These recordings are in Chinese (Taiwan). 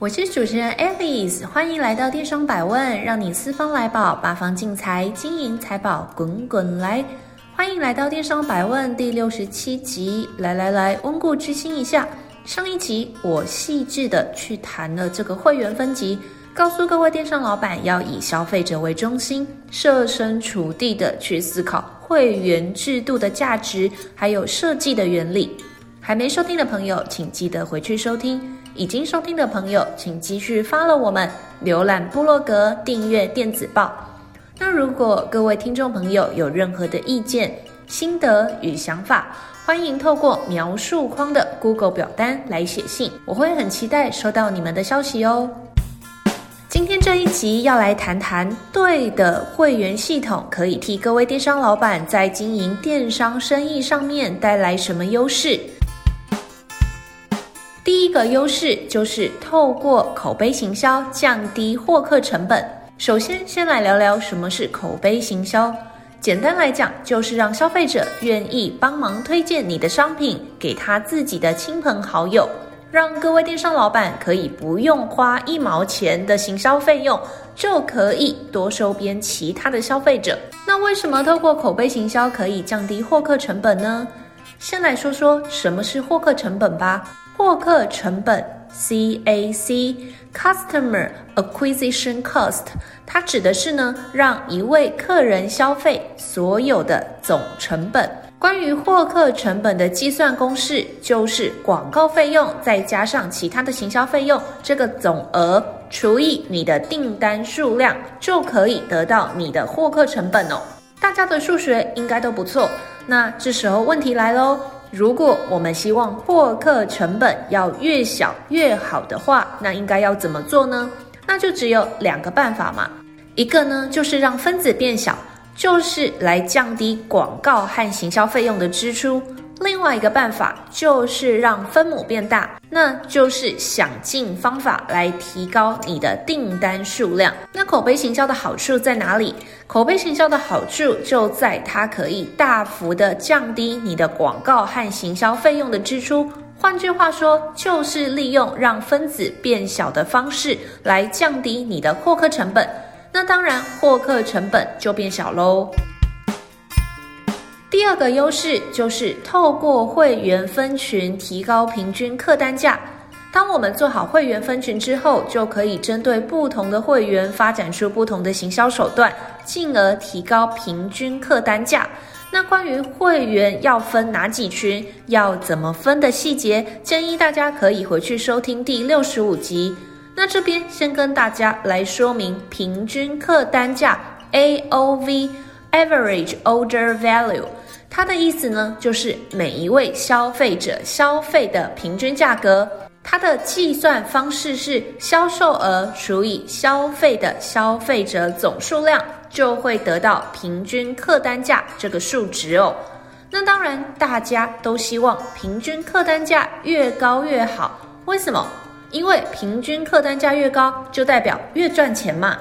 我是主持人 Alice，歡迎來到電商百問，讓你四方來寶，八方進財，金銀財寶滾滾來。歡迎來到電商百問第六十七集，來來來，溫故知新一下。上一集我細緻的去談了這個會員分級，告訴各位電商老板要以消費者為中心，設身處地的去思考會員制度的價值，還有設計的原理。還沒收聽的朋友，請記得回去收聽。已經收聽的朋友，請繼續 follow 我們瀏覽部落格、訂閱電子報。那如果各位聽眾朋友有任何的意見、心得與想法，歡迎透過描述框的 Google 表單來寫信，我會很期待收到你們的消息哦。今天這一集要來談談，對的會員系統可以替各位電商老板在經營電商生意上面帶來什麼優勢？第一個優勢就是透過口碑行銷，降低獲客成本。首先，先來聊聊什麼是口碑行銷。簡單來講，就是讓消費者願意幫忙推薦你的商品給他自己的親朋好友，讓各位電商老闆可以不用花一毛錢的行銷費用，就可以多收編其他的消費者。那為什麼透過口碑行銷可以降低獲客成本呢？先來說說什麼是獲客成本吧。獲客成本 （CAC，Customer Acquisition Cost），它指的是呢，讓一位客人消費所有的總成本。關於獲客成本的計算公式，就是廣告費用再加上其他的行銷費用，這個總額除以你的訂單數量，就可以得到你的獲客成本哦。大家的數學應該都不錯，那這時候問題來嘍。如果我們希望獲客成本要越小越好的話，那應該要怎麼做呢？那就只有兩個辦法嘛。一個呢，就是讓分子變小，就是來降低廣告和行銷費用的支出。另外一個辦法就是讓分母變大，那就是想盡方法來提高你的訂單數量。那口碑行銷的好處在哪裡？口碑行銷的好處就在它可以大幅的降低你的廣告和行銷費用的支出。換句話說，就是利用讓分子變小的方式來降低你的獲客成本。那當然，獲客成本就變小嘍。第二個優勢就是透過會員分群，提高平均客單價。當我們做好會員分群之後，就可以針對不同的會員發展出不同的行銷手段，進而提高平均客單價。那關於會員要分哪幾群、要怎麼分的細節，建議大家可以回去收聽第六十五集。那這邊先跟大家來說明平均客單價 （AOV），Average order value，它的意思呢，就是每一位消費者消費的平均價格。它的計算方式是銷售額除以消費的消費者總數量，就會得到平均客單價這個數值哦。那當然，大家都希望平均客單價越高越好。為什麼？因為平均客單價越高，就代表越賺錢嘛。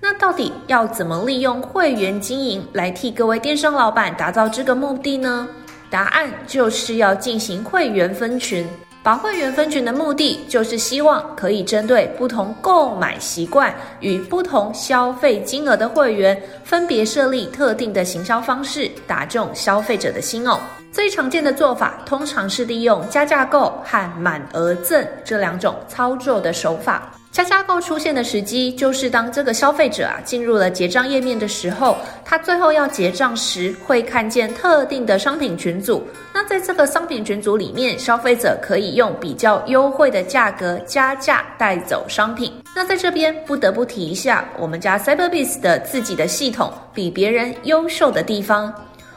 那到底要怎麼利用會員經營來替各位電商老板打造這個目的呢？答案就是要進行會員分群。把會員分群的目的，就是希望可以針對不同購買習慣與不同消費金額的會員，分別設立特定的行銷方式，打中消費者的心哦。最常見的做法，通常是利用加價購和滿額贈這兩種操作的手法。加價購出現的時機，就是當這個消費者啊進入了結賬頁面的時候，他最後要結賬時，會看見特定的商品群組。那在這個商品群組裡面，消費者可以用比較優惠的價格加價帶走商品。那在這邊不得不提一下，我們家 Cyberbiz 的自己的系統比別人優秀的地方。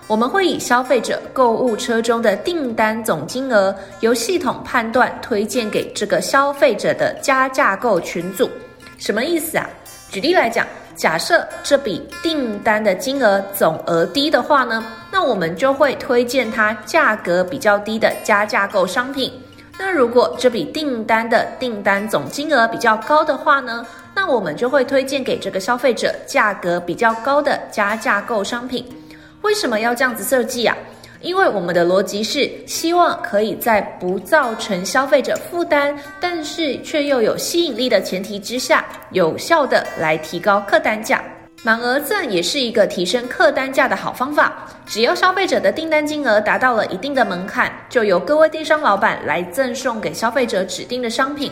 我們會以消費者購物車中的訂單總金額由系統判斷推薦給這個消費者的加價購群組。什麼意思啊？舉例來講，假設這筆訂單的金額總額低的話呢，那我們就會推薦它價格比較低的加價購商品。那如果這筆訂單的訂單總金額比較高的話呢，那我們就會推薦給這個消費者價格比較高的加價購商品。為什麼要這樣子設計啊？因為我們的邏輯是希望可以在不造成消費者負擔，但是卻又有吸引力的前提之下，有效的來提高客單價。滿額贈也是一個提升客單價的好方法。只要消費者的訂單金額達到了一定的門檻，就由各位電商老板來贈送給消費者指定的商品。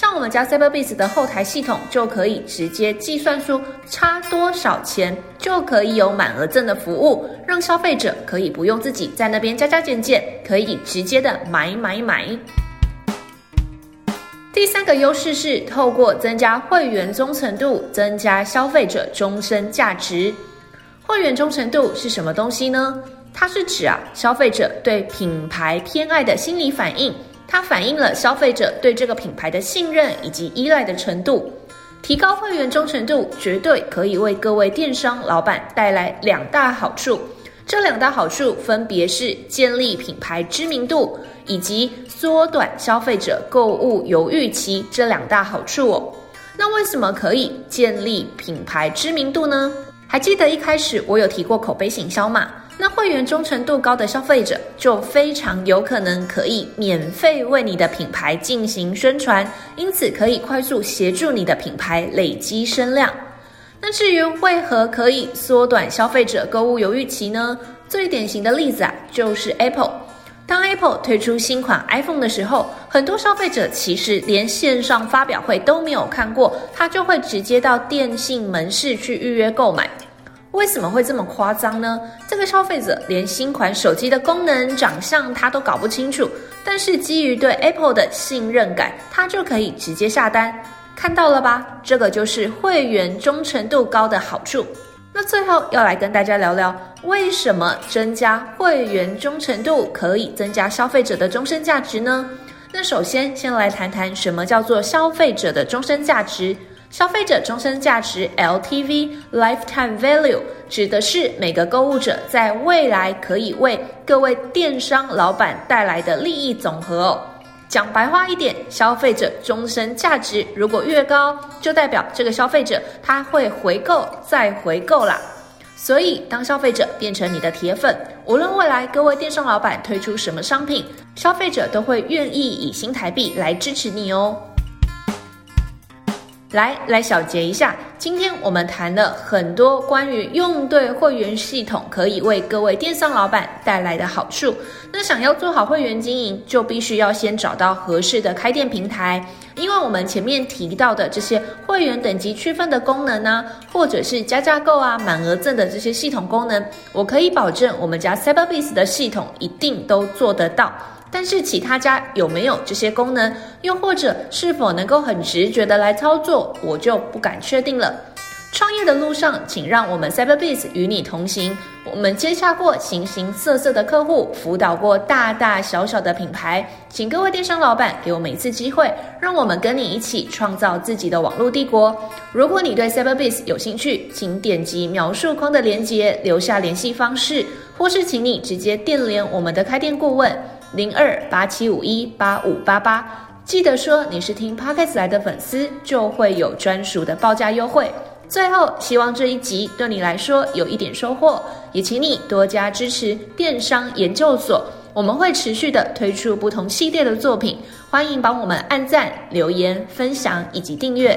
像我們家 Cyberbiz 的後台系統就可以直接計算出差多少錢，就可以有滿額贈的服務，讓消費者可以不用自己在那邊加加減減，可以直接的買買買。第三個優勢是透過增加會員忠誠度，增加消費者終身價值。會員忠誠度是什麼東西呢？它是指啊消費者對品牌偏愛的心理反應。它反映了消費者對這個品牌的信任以及依賴的程度。提高會員忠誠度，絕對可以為各位電商老板帶來兩大好處。這兩大好處分別是建立品牌知名度以及縮短消費者購物猶豫期。這兩大好處哦。那為什麼可以建立品牌知名度呢？還記得一開始我有提過口碑行銷嘛？那會員忠誠度高的消費者就非常有可能可以免費為你的品牌進行宣傳，因此可以快速協助你的品牌累積聲量。那至於為何可以縮短消費者購物猶豫期呢？最典型的例子啊，就是 Apple。當 Apple 推出新款 iPhone 的時候，很多消費者其實連線上發表會都沒有看過，他就會直接到電信門市去預約購買。為什麼會這麼誇張呢？這個消費者連新款手機的功能、長相他都搞不清楚，但是基於對 Apple 的信任感，他就可以直接下單。看到了吧？這個就是會員忠誠度高的好處。那最後要來跟大家聊聊，為什麼增加會員忠誠度可以增加消費者的終身價值呢？那首先先來談談什麼叫做消費者的終身價值。消費者終身價值 （LTV, Lifetime Value） 指的是每個購物者在未來可以為各位電商老闆帶來的利益總和哦。講白話一點，消費者終身價值如果越高，就代表這個消費者他會回購再回購啦。所以，當消費者變成你的鐵粉，無論未來各位電商老闆推出什麼商品，消費者都會願意以新台幣來支持你哦。來來，來小結一下，今天我們談了很多關於用對會員系統可以為各位電商老闆帶來的好處。那想要做好會員經營，就必須要先找到合適的開店平台，因為我們前面提到的這些會員等級區分的功能呢、啊，或者是加價購啊、滿額贈的這些系統功能，我可以保證我們家 CYBERBIZ 的系統一定都做得到。但是其他家有沒有這些功能，又或者是否能夠很直覺的來操作，我就不敢確定了。創業的路上，請讓我們 CYBERBIZ 與你同行。我們接洽過形形色色的客戶，輔導過大大小小的品牌。請各位電商老板給我們一次機會，讓我們跟你一起創造自己的網絡帝國。如果你對 CYBERBIZ 有興趣，請點擊描述框的鏈接，留下聯繫方式，或是請你直接電聯我們的開店顧問。零二八七五一八五八八，記得說你是聽 Podcast 來的粉絲，就會有專屬的報價優惠。最後，希望這一集對你來說有一點收穫，也請你多加支持電商研究所。我們會持續的推出不同系列的作品，歡迎幫我們按讚、留言、分享以及訂閱。